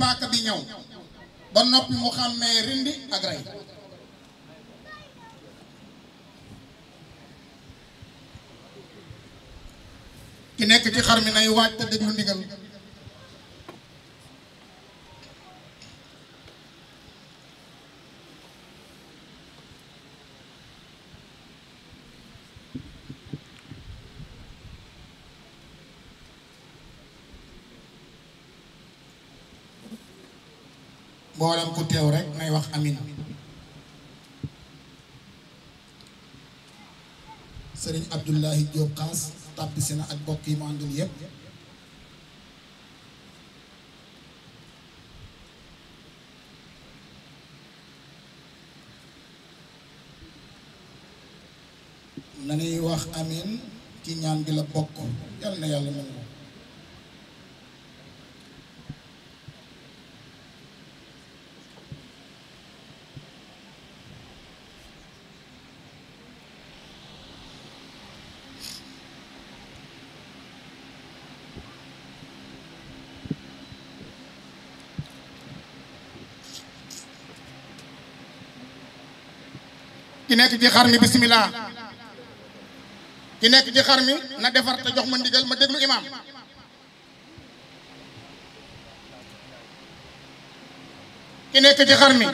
paaka bi ñëw ba noppi mu xàmmee rindi ak rey ki nekk ci xar mi nay waaj te déglu ndigal mboolem ku teew rek nay wax amin sëriñ Abdullahi Diop Xaas tàbbisi na ak bokk yi mu àndul yépp nanuy wax amin ci ñaan gi la bokk yal na yàlla nangu ki nekk ci xar mi bisimilah ki nekk ci xar mi na defar te jox ma ndigal ma déglu imaam ki nekk ci xar mi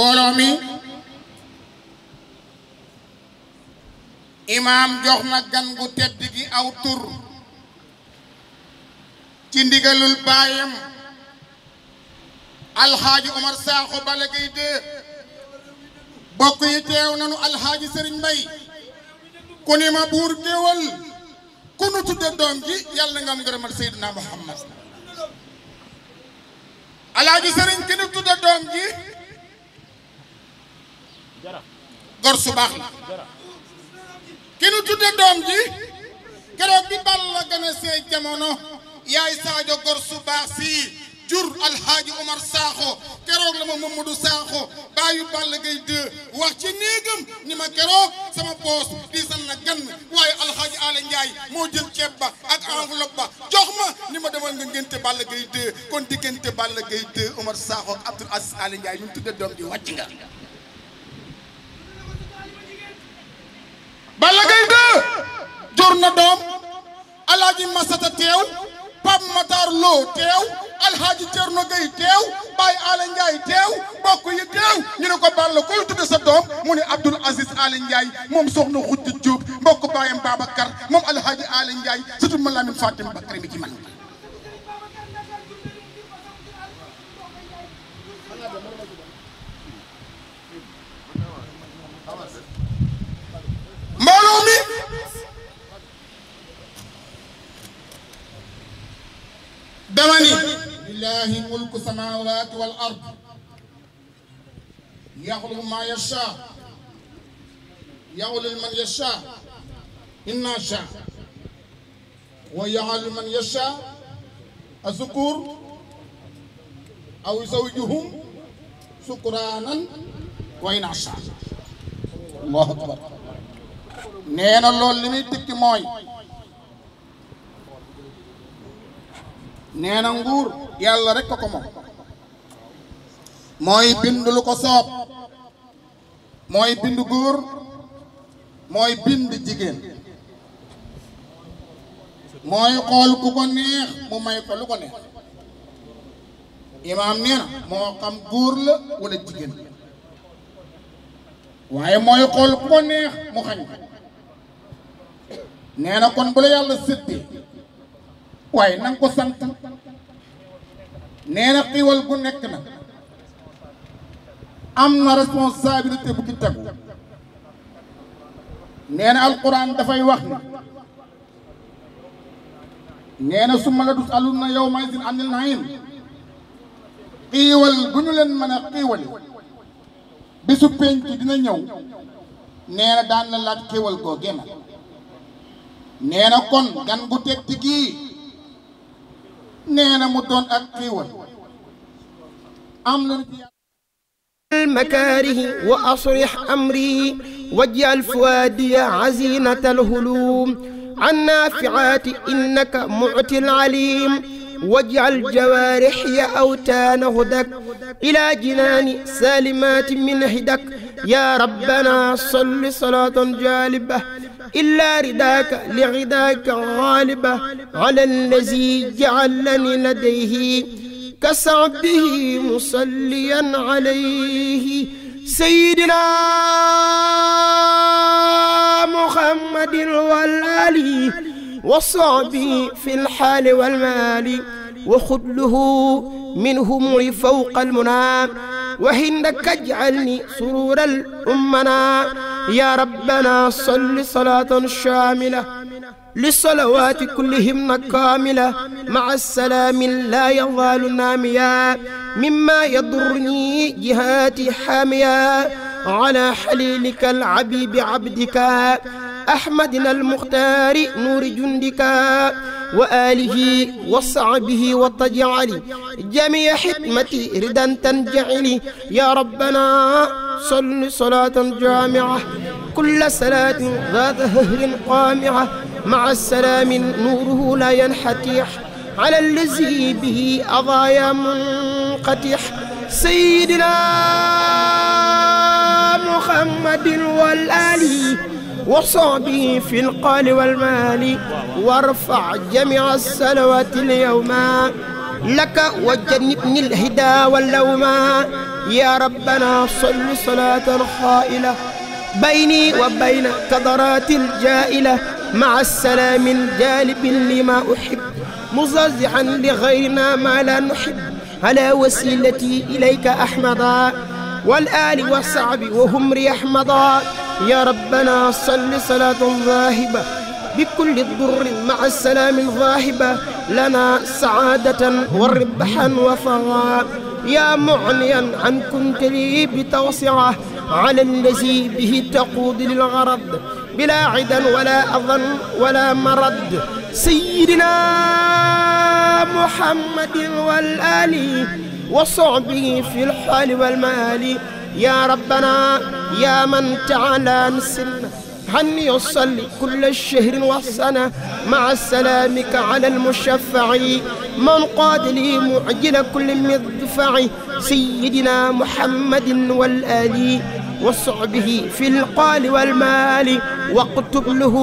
mbooloo mi imaam jox na gan gu tedd gi aw tur ci ndigalul baayam alxaaji Omar Sakho Balla Gaye 2 bokk yi teew nanu alxaaji Serigne Mbaye ku ni ma buur géwël ku nu tudde doom ji yàlla nga am ngërëmal Seydina Muhammad alxaaji Serigne ki nu tudde doom ji gor su baax la ki nu tudde doom ji keroog bi Balla gën a see jamono yaay Sadio gor su baax sii jur alhaaji Omar Sakho keroog la ma Mamadou Sakho bàyyu Balla Gaye 2 wax ci néegam ni ma keroog sama poos diisan na gan waaye alhaaji Ala Ndiaye moo jël ceeb ba ak enveloppe ba jox ma ni ma demal nga ngénte Balla Gaye 2 kon diggante Balla Gaye 2 Omar Sakho ak Abdoul Aziz Ala Ndiaye ñu tudde doom ji wàcc nga jur na doom alaaji masata teew Pape Matar Lo teew alhaaji Cerno Gay teew Baye Ala Ndiaye teew bokk yi teew ñu ne ko Balla koy tudde sa doom mu ne Abdoul Aziz Ala Ndiaye moom soxna Xujj Jóob mbokk baayam Babacar moom alhaaji Ala Ndiaye surtout ma Lamin mi ci man لله ملك السماوات والأرض يخلق ما يشاء يولد من يشاء إن شاء ويعل من يشاء الذكور أو زوجهم سكرانا وإن شاء الله أكبر nee na loolu li muy dikki mooy nee na nguur yàlla rek ko ko moom mooy bind lu ko soob mooy bind góor mooy bind jigéen mooy xool ku ko neex mu may ko lu ko neex imaam nee moo xam góor la wala jigéen waaye mooy xool ku ko neex mu xañ ko kon bu la yàlla séddee waaye na ko sant nee na xiwal bu nekk na am na responsabilité bu ci tegu nee na alquran dafay wax ni nee na summa la tus'alunna yawma idin anil na'im xiiwal bu ñu leen mën a xiiwali bisu penc dina ñëw nee na daan la laaj xiiwal koo génn nee kon gan gu tekki gii nee na mu doon ak xiiwal am la المكاره وأصرح أمري واجعل فؤادي عزينة الهلوم عن نافعات إنك معتي العليم واجعل جوارحي أوتان هدك إلى جنان سالمات من هدك يا ربنا صل صلاة جالبة إلا رداك لغداك غالبة على الذي جعلني لديه كسعبه مصليا عليه سيدنا محمد والآل وصعبه في الحال والمال وخذله منهم فوق المنام وحينك اجعلني سرور الأمنا يا ربنا صل صلاة شاملة للصلوات كلهن كاملة مع السلام لا يظال ناميا مما يضرني جهاتي حاميا على حليلك العبيب عبدك أحمدنا المختار نور جندك وآله وصعبه وتجعل جميع حكمتي ردا تنجعل يا ربنا صل صلاة جامعة كل صلاة ذات ههر قامعة مع السلام نوره لا ينحتيح على الذي به أضايا منقتح سيدنا واحصى به في القال والمال وارفع جميع الصلوات اليوم لك وجنبني الهدى واللوم يا ربنا صل صلاة خائلة بيني وبين كدرات الجائلة مع السلام الجالب لما أحب مزازحا لغيرنا ما لا نحب على وسيلتي إليك أحمدا والآل والصعب وهم ري أحمدا يا ربنا صل صلاة ذاهبة بكل الضر مع السلام الظاهبة لنا سعادة وربحا وفرا يا معنيا عن كنت لي بتوسعة على الذي به تقود للغرض بلا عدا ولا أظن ولا مرد سيدنا محمد والآل وصعبه في الحال والمال يا ربنا يا من تعالى نسلنا أن يصلي كل شهر وسنة مع سلامك على المشفع من قاد لي معجل كل مدفع سيدنا محمد والآل وصعبه في القال والمال واكتب له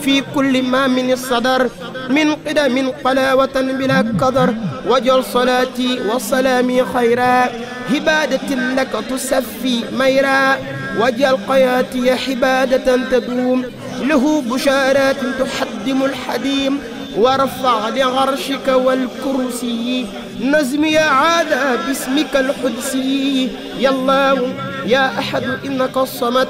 في كل ما من الصدر من قدم قلاوة بلا قدر وجل صلاتي وسلامي خيرا هبادة لك تصفي ميرا واجعل قياتي حبادة تدوم له بشارات تحدم الحديم ورفع لعرشك والكرسي نزمي عاد باسمك القدسي يا الله يا أحد إنك الصمد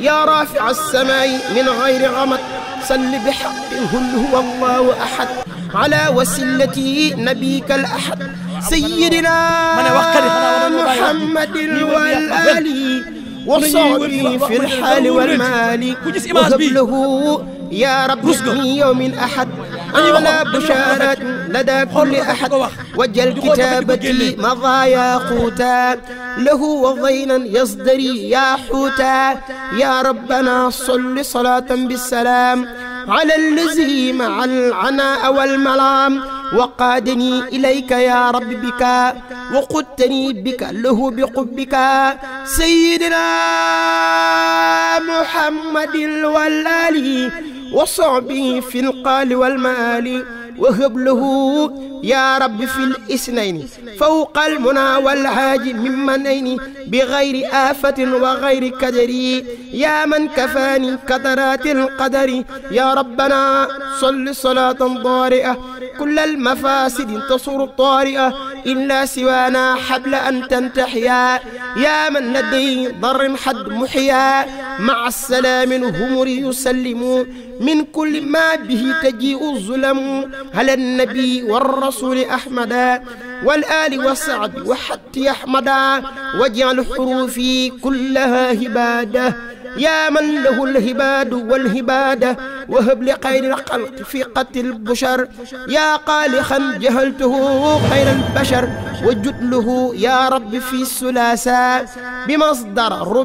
يا رافع السماء من غير غمد صل بحق هل هو الله أحد على وسلتي نبيك الأحد سيدنا محمد والآل وصحبه في الحال والمال وقبله يا رب يوم أحد أولى بشارة لدى كل أحد وجل كتابتي مضى يا خوتا له وضينا يصدري يا حوتا يا ربنا صل صلاة بالسلام على الذي مع العناء والملام وقادني إليك يا رب بك وقدتني بك له بقبك سيدنا محمد والآل وصعبه في القال والمال وهب له يا رب في الاثنين فوق المنى والهاج من منين بغير آفة وغير كدري يا من كفاني كدرات القدر يا ربنا صل صلاة ضارئة كل المفاسد تصر الطارئة إلا سوانا حبل أن تنتحيا يا من لديه ضر حد محيا مع السلام الهمر يسلم من كل ما به تجيء الظلم على النبي والرسول أحمدا والآل وسعد وحتى أحمدا واجعل حروفي كلها هباده yaa man lahu lhibaadu walhibaada wahab li xayril xalq fi qatil bushar yaa xaalixan jahaltuhu xayral bashar wa jutluhu yaa rabbi fi sulaasa bi masdar